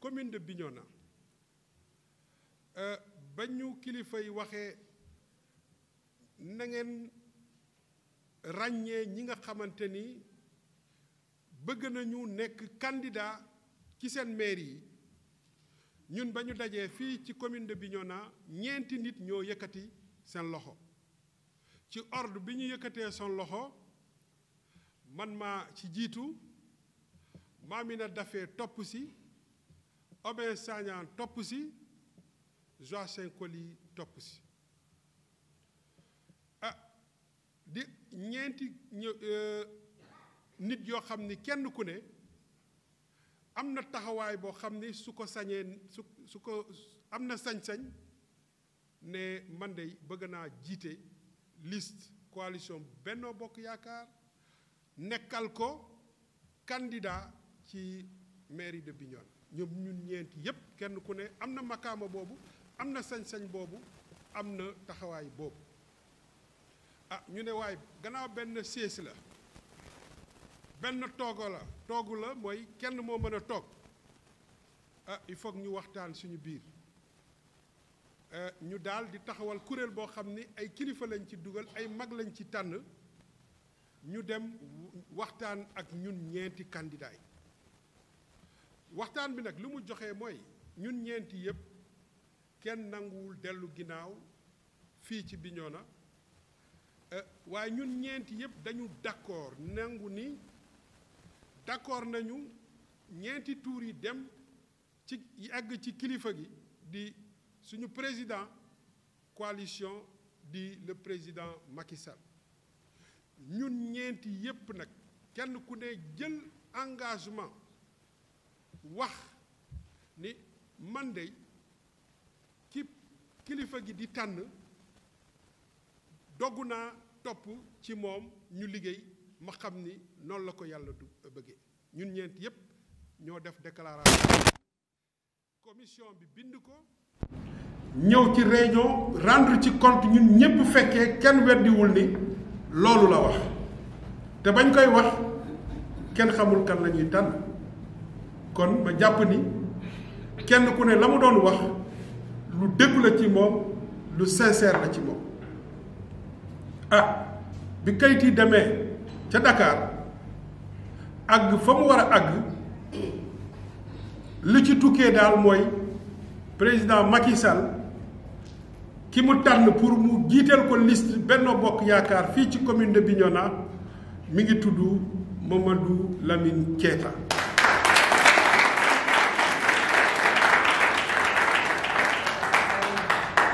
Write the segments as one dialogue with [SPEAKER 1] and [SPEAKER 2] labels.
[SPEAKER 1] commune de Bignona euh, banyu kili kilifa yi nengen na ngeen ràññee ñi nga xamante ni bëgg nañu nekk candidat ci seen maire yi ñun ba dajee fii ci commune de Bignona ñeenti nit ñoo yëkkati seen loxo ci ordre bi ñu yëkkatee seen loxo man maa ci jiitu Mamina Daffé topp si Obin Sagnan topp si Joachim Coly topp si ah, di ñeenti euh, nit yoo xam ni kenn ku ne am na taxawaay boo xam ni su ko sañee su ko am na sañ-sañ ne man de bëgg naa jiite list coalition Benno Bokk Yaakaar nekkal ko candidat ci mairie de Bignona ñoom ñun ñeent yépp kenn ku ne am na makaama boobu am na sañ-sañ boobu am na taxawaay boobu ah ñu ne waaye gannaaw benn sées la benn toogo la toogu la mooy kenn moo mën a toog ah il faut ñu waxtaan suñu biir eh, ñu daal taxawal kuréel boo xam ni ay kilifa lañ ci dugal ay mag lañ ci tànn ñu dem waxtaan ak ñun ñeenti candidat waxtaan bi nag li mu joxe mooy ñun ñeenti yëpp kenn nanguwul dellu ginnaaw fii ci Bignona euh, waaye ñun ñeenti yëpp dañu d'accord nangu ni d'accord nañu ñeenti tuur yi dem ci àgg ci kilifa gi di suñu président coalition di le président Macky ñun ñeenti yëpp nag kenn ku ne jël engagement wax ni man de ci kilifa gi di tànn dogg naa topp ci moom ñu liggéey ma xam ni noonu la ko yàlla du bëggee ñun ñeent yépp ñoo def déclaration commission bi bind ko ñëw ci réunion rendre ci compte ñun ñépp fekkee kenn weddiwul ni loolu la wax te bañ koy wax kenn xamul kan la tànn kon ba jàpp ni kenn ku ne la mu doon wax lu dëgg la ci moom lu sincère la ci moom ah bi kayit yi demee ca Dakar àgg fa mu war a àgg li ci tukkee daal mooy président Macky Sall ki mu tànn pour mu jiiteel ko liste Benno Bokk Yaakaar fii ci commune de Bignona mi ngi tudd Mamadou Lamine Keita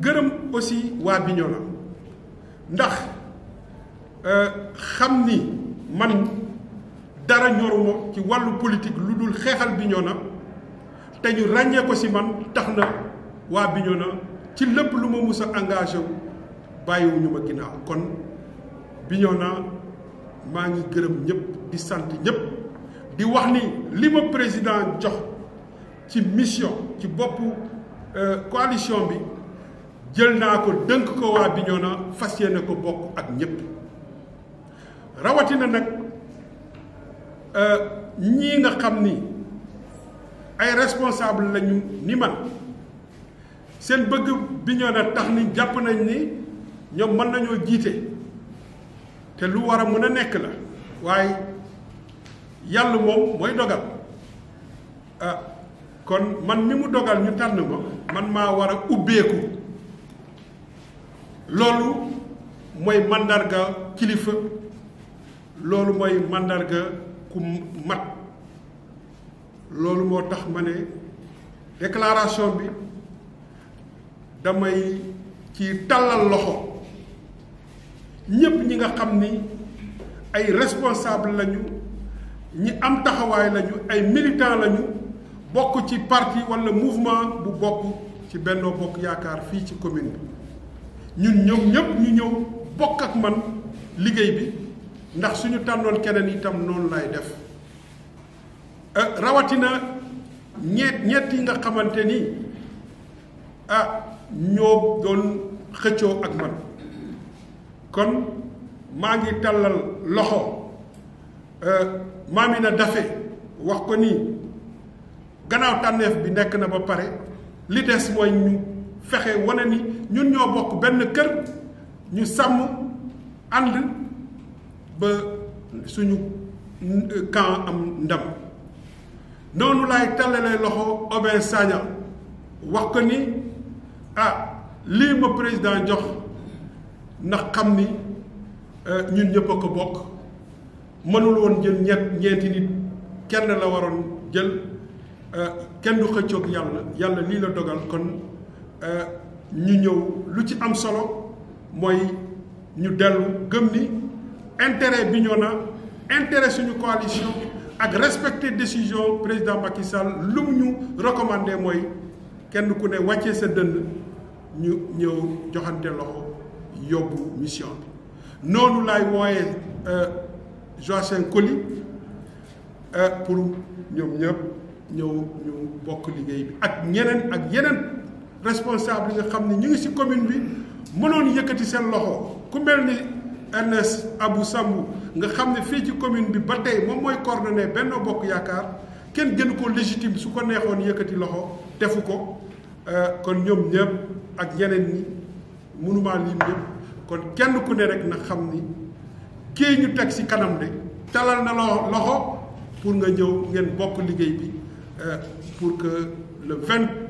[SPEAKER 1] gërëm aussi waa Bignona ndax euh, xam ni man dara ñoruma ci wàllu politique lu dul xeexal Bignona te ñu ràññee ko si man tax na waa Bignona ci lépp lu ma mus a engagé wu bàyyiwuñu ma ginnaaw kon Bignona maa ngi gërëm ñëpp di sant ñëpp di wax ni li ma président jox ci mission ci boppu euh, coalition bi jël naa ko dënk ko waa biñona fas yéene ko bokk ak ñëpp rawatina nag euh, ñii nga xam ni ay responsable lañu ni man seen bëgg biñona tax ni jàpp nañ ni ñoom mën nañoo jiite te lu war a mën a nekk la waaye yàlla moom mooy dogal ah, kon man mi mu dogal ñu tànn ma man maa war a ubbeeku lolu moy que kilifa lolu moy mandarga ku mat lolu motax mané déclaration bi damay ci talal loxo ñepp ñi nga ay responsable lañu ñi am taxaway lañu ay militant lañu bokku ci parti wala mouvement bu bokku ci Benno Bokk yaakar fi ci commune ñun ñoom ñëpp ñu ñëw bokk ak man liggéey bi ndax suñu tànnoon keneen itam noonu laay def euh, rawatina ñeet ñeet yi nga xamante ni ah ñoo doon xëccoo ak man kon maa ngi tàllal loxo euh, Mamina Dafe wax ko ni gannaaw tànneef bi nekk na ba pare li des mooy fexe wane ni ñun ñoo bokk benn kër ñu sàmm ànd ba suñu euh, camp am ndam noonu laay tallalee loxo Obin Sagna wax ko ni a ah, lii ma président jox ndax xam ni euh, ñun ñëpp a ko bokk mënul woon jël ñett ñeenti nit kenn la waroon jël euh, kenn du xëccoog yàlla yàlla lii la dogal kon Euh, ñu ñëw lu ci am solo mooy ñu dellu gëm ni intérêt bi ñoo na intérêt suñu coalition ak respecter décision président Macky Sall lu mu ñu recommandé mooy kenn ku ne wàccee sa dënn ñu ñëw joxante loxo yóbbu mission bi noonu laay wooyee euh, Joachim Coly euh, pour ñoom ñëpp ñëw ñu bokk liggéey bi ak ñeneen ak yeneen responsable yi nga xam ne ñu commune bi mënoon yëkkati seen loxo ku mel Ernest Abou nga ci commune bi coordonné Bokk kenn gën ko légitime su ko loxo ko euh, kon ak kon kenn ku rek na ñu kanam talal na loxo pour nga ñëw bokk bi euh, pour que le 20